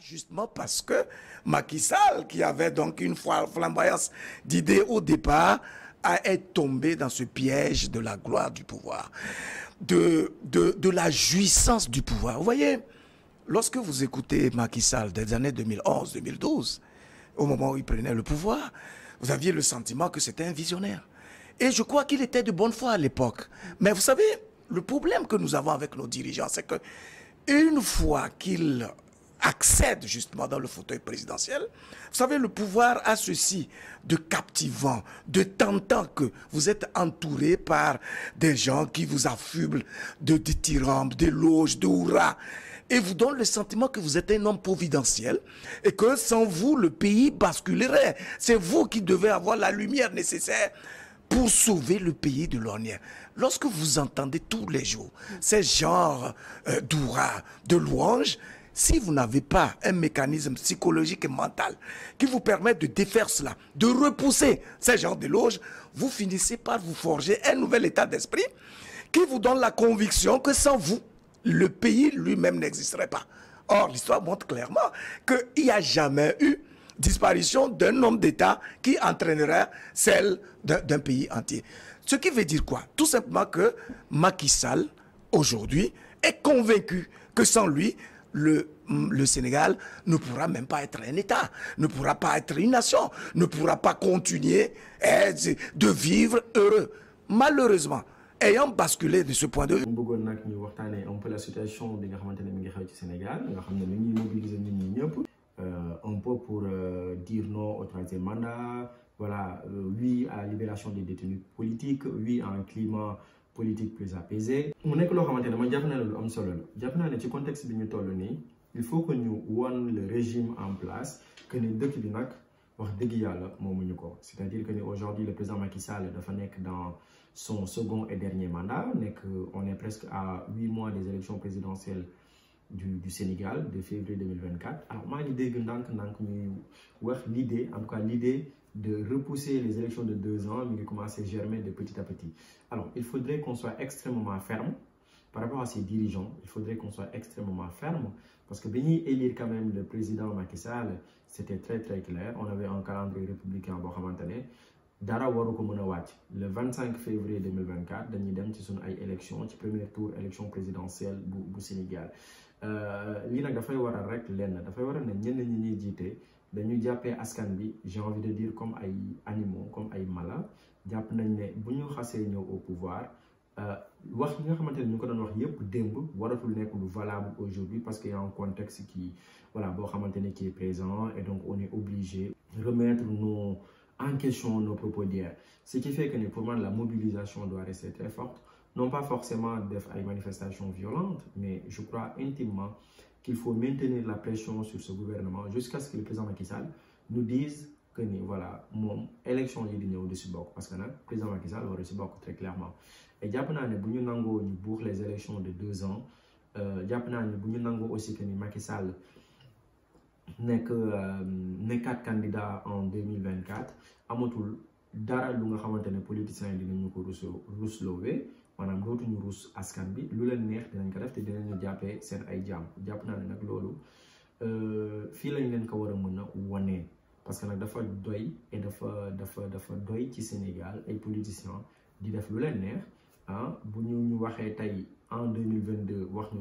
Justement parce que Macky Sall, qui avait donc une fois flamboyance d'idées au départ, a été tombé dans ce piège de la gloire du pouvoir, de, de, la jouissance du pouvoir. Vous voyez, lorsque vous écoutez Macky Sall des années 2011-2012, au moment où il prenait le pouvoir, vous aviez le sentiment que c'était un visionnaire. Et je crois qu'il était de bonne foi à l'époque. Mais vous savez, le problème que nous avons avec nos dirigeants, c'est que une fois qu'il accède justement dans le fauteuil présidentiel. Vous savez, le pouvoir a ceci de captivant, de tentant que vous êtes entouré par des gens qui vous affublent de dithyrambes, d'éloges, de hurrahs, et vous donnent le sentiment que vous êtes un homme providentiel et que sans vous, le pays basculerait. C'est vous qui devez avoir la lumière nécessaire pour sauver le pays de l'ornière. Lorsque vous entendez tous les jours ces genres euh, de louanges, si vous n'avez pas un mécanisme psychologique et mental qui vous permet de défaire cela, de repousser ce genre de loges, vous finissez par vous forger un nouvel état d'esprit qui vous donne la conviction que sans vous, le pays lui-même n'existerait pas. Or, l'histoire montre clairement qu'il n'y a jamais eu disparition d'un homme d'État qui entraînerait celle d'un pays entier. Ce qui veut dire quoi Tout simplement que Macky Sall, aujourd'hui, est convaincu que sans lui, le, le Sénégal ne pourra même pas être un État, ne pourra pas être une nation, ne pourra pas continuer eh, de vivre heureux. Malheureusement, ayant basculé de ce point de vue. On peut la situation Sénégal euh, pour euh, dire non au troisième mandat voilà euh, oui à la libération des détenus politiques oui à un climat politique plus apaisée on est que l'on a man jàpp naa ne lu am solo contexte bi ñu il faut que nous wan le régime en place que nous dëkk bi nag wax c'est-à-dire que aujourd'hui le président Macky Sall est nekk dans son second et dernier mandat on est presque à huit mois des élections présidentielles du du Sénégal de février 2024 alors maa ngi dégg ndànk ndànk wax l'idée en tout l'idée de repousser les élections de deux ans, mais qui commencent à germer de petit à petit. Alors, il faudrait qu'on soit extrêmement ferme par rapport à ces dirigeants. Il faudrait qu'on soit extrêmement ferme parce que venir élire quand même le président Macky Sall, c'était très très clair. On avait un calendrier républicain à dara waru ko le 25 février 2024 dañuy dem ci ay élection ci premier tour élection présidentielle au Sénégal euh, lii nag fay wara rek lenn fay wara ne ñi nous jàppee askan bi j'ai envie de dire comme ay animaux comme ay mala jàpp nañ ne bu ñu xasee au pouvoir euh, wax yi nga xamante ne ñu ko doon wax yépp démb waratul nekk lu valable aujourd'hui parce qu'il y a un contexte qui voilà qui est présent et donc on est obligé de remettre en question nos propos d'hier ce qui fait que pour moi la mobilisation doit rester très forte non pas forcément des manifestations violentes mais je crois intimement qu'il faut maintenir la pression sur ce gouvernement jusqu'à ce que le président Macky Sall nous dise que ni voilà moom élection de di parce que le président Macky Sall war de très clairement et jàpp naa a eu ñu les élections de deux ans euh, jàpp naa ne aussi que ni Macky Sall nekk quatre euh, candidat en 2024 il dara lu nga xamantene qui politiciens yi dinañu ko rusloo rusloowe maanaam dootuñu askan lu leen dinañ ko def te dinañu jàppee seen ay jàpp naa ne nag loolu euh, fii lañ ko parce que nag dafa doy et dafa dafa dafa doy Sénégal ay politiciens di def lu leen ah bu ñu ñu en 2022, wax ñu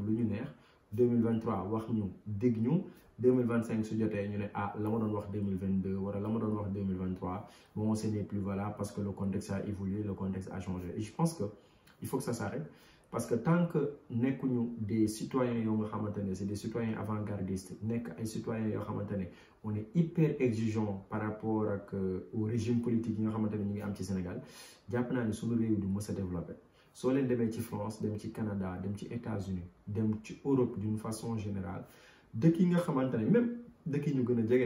2023 wax ñu dégg ñu 2025 su jotee ñu ah la ma doon wax 2022 wala la ma doon wax 2023 bon ce n'est plus valable parce que le contexte a évolué le contexte a changé et je pense que il faut que ça s'arrête parce que tant que nous des citoyens yo nga des citoyens avant-gardistes nekk ay citoyens yo on est hyper exigeants par rapport euh, au régime politique yi nga en ñu ngi am ci Sénégal nous naa ne suñu réew du mësa soo leen demee ci France dem ci Canada dem ci États-Unis dem ci Europe d'une façon générale dëkk yi nga xamantane même dëkk yi ñu gëna a bu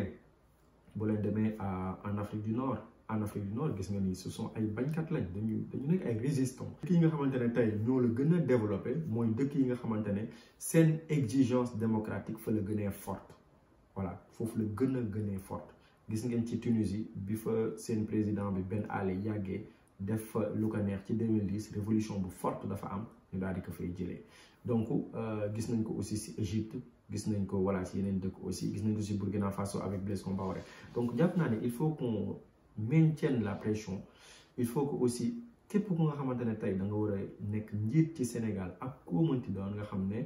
boo leen en Afrique du Nord en Afrique du Nord gis nga ni ce sont ay bañkat lañ dañu dañu nek ay résistants. dëkk yi nga xamantane tay ñoo la gëna développer moy dekk yi nga xamantane sen exigence démocratique fa la gënee forte voilà fofu la gëna a forte gis ngeen ci Tunisie bi fa sen président bi Ben Ali yàggee def lu ci 2010 révolution bu forte dafa am ñu daal di ko fay jëlee donc euh, gis nañ ko aussi si Égypte gis nañ ko voilà si yeneen dëkk aussi gis nañ ko si Burkina Faso avec Blaise Compaoré donc jàpp naa ne il faut qu'on maintienne la pression il faut que aussi képp ku nga xamante ne tey da nga war a nekk ci Sénégal ak koo mënti doon nga xam ne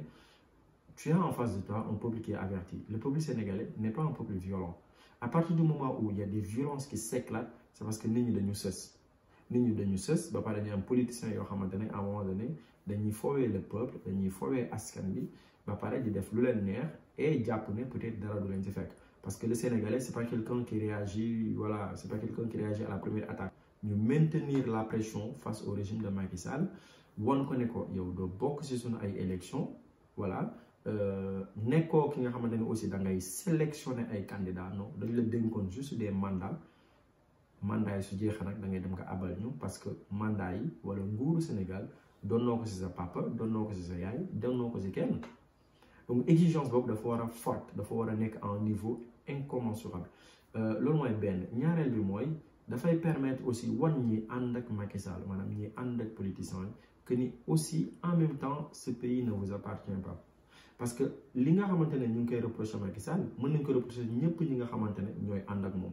tu as en face de toi un peuple qui est averti le peuple sénégalais n'est pas un peuple violent à partir du moment où il y a des violences qui s'éclatent c'est parce que nit ñi dañu sës nit ñu dañu sës ba pare politiciens yoo ont ne à un moment donné dañuy foowee le peuple dañuy foowee askan bi ba pare di def lu leen neex et jàpp ne peut-être dara du leen ci parce que le Sénégalais c'est pas quelqu'un qui réagit voilà c'est pas quelqu'un qui réagit à la première attaque ñu maintenir la pression face au régime de Macky Sall won ko ne ko yow doo bokk ci suñu ay élections voilà euh, nekkoo ki nga xamante ne aussi da ngay sélectionner ay candidats non dañu la dénkoon juste des mandats mandat su jeexee nak da ngay dem nga abal ñu parce que mandat yi wala nguuru Sénégal donnoo ko si sa papa donnoo ko si sa yaay donnoo ko si kenn donc exigence boobu dafa war a forte dafa war nek nekk à un niveau incommensurable euh lool moy ben ñaarel bi moy da fay permettre aussi wan ñi ànd ak Macky Sall maanaam ñi and ak politiciens que ni aussi en même temps ce pays ne vous appartient pas parce que li nga xamantene ñu ngi koy reprocher Macky Sall mën nañ ko reproché ñëpp ñi nga xamantene ñoy and ak moom.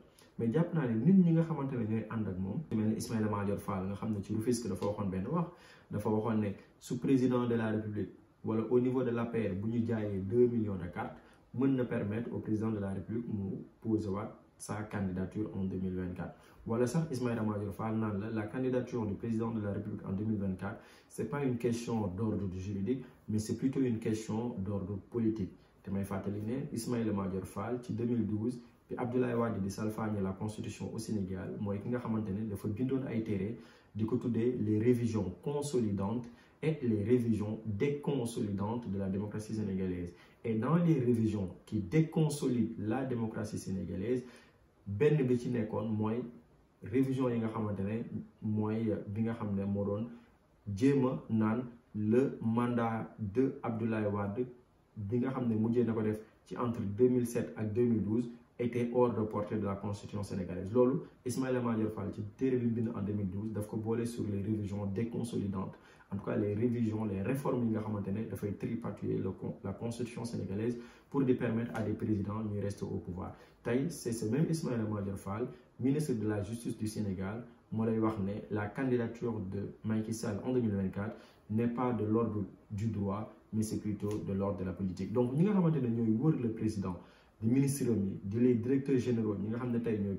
mais jàpp nit ñi nga ak Fall nga benn wax président de la république wala au niveau de la bu ñu jaayee 2 millions de cartes mën na permettre au président de la république de poser sa candidature en 2024 Voilà sax Ismaël Madior Fall la candidature du président de la république en 2024 c'est pas une question d'ordre juridique mais c'est plutôt une question d'ordre politique te may fàttali ne Fall ci 2012. Puis, Abdoulaye Wade di salfaañe la constitution au Sénégal moy ki nga xamantene ne dafa été ay téré diko les révisions consolidantes et les révisions déconsolidantes de la démocratie sénégalaise et dans les révisions qui déconsolident la démocratie sénégalaise benn bi ci moy révision yi nga xamantene moy bi nga xamné modone djema nan le mandat de Abdoulaye Wade bi nga xamné mujjé def ci entre 2007 ak 2012 était hors de portée de la constitution sénégalaise Lolo, Ismaël Madior Fall qui en 2012 daf sur les révisions déconsolidantes en tout cas les révisions les réformes il a fait la constitution sénégalaise pour permettre à des présidents de rester au pouvoir c'est ce même Ismaël Madior Fall ministre de la justice du Sénégal qui lay la candidature de Macky Sall en 2024 n'est pas de l'ordre du droit mais c'est plutôt de l'ordre de la politique donc ñi nga le président le ministre de di les directeurs généraux ñi nga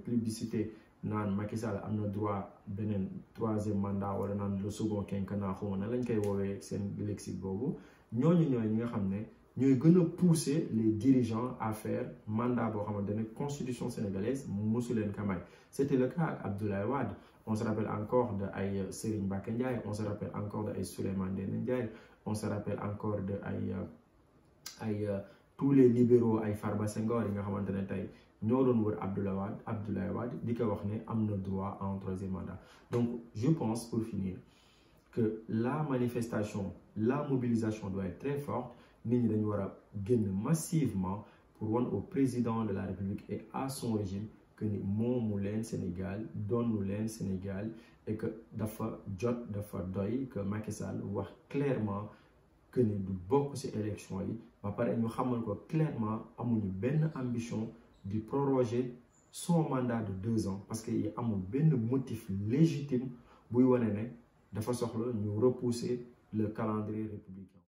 publicité naan Macky Sall amna na droit beneen troisième mandat wala naan le second quinquennat xaw ma na lañ koy wowe sen lexique bobu ñooñu ñoy ñi nga xamné ñoy gëna pousser les dirigeants à faire mandat boo la constitution sénégalaise mosu leen c'était le cas ak Abdoulaye Wade on se rappelle encore de ay Serigne Mbacké Ndiaye on se rappelle encore de ay Souleymane Ndiaye on se rappelle encore de ay euh, ay euh, tous les libéraux ay Farba Senghor yi nga xamantene tay nous ñoo doon wër Abdoulaye Wad, Abdoulaye Wade di droit à un troisième mandat donc je pense pour finir que la manifestation la mobilisation doit être très forte Nous devons dañu massivement pour won au président de la République et à son régime que ni moomu leen Sénégal doonu leen Sénégal et que dafa jot dafa doy que Macky Sall wax clairement que nous du beaucoup ces élections, yi ba clairement une benn ambition de proroger son mandat de deux ans parce qu'il y a benn motif légitime pour repousser le calendrier républicain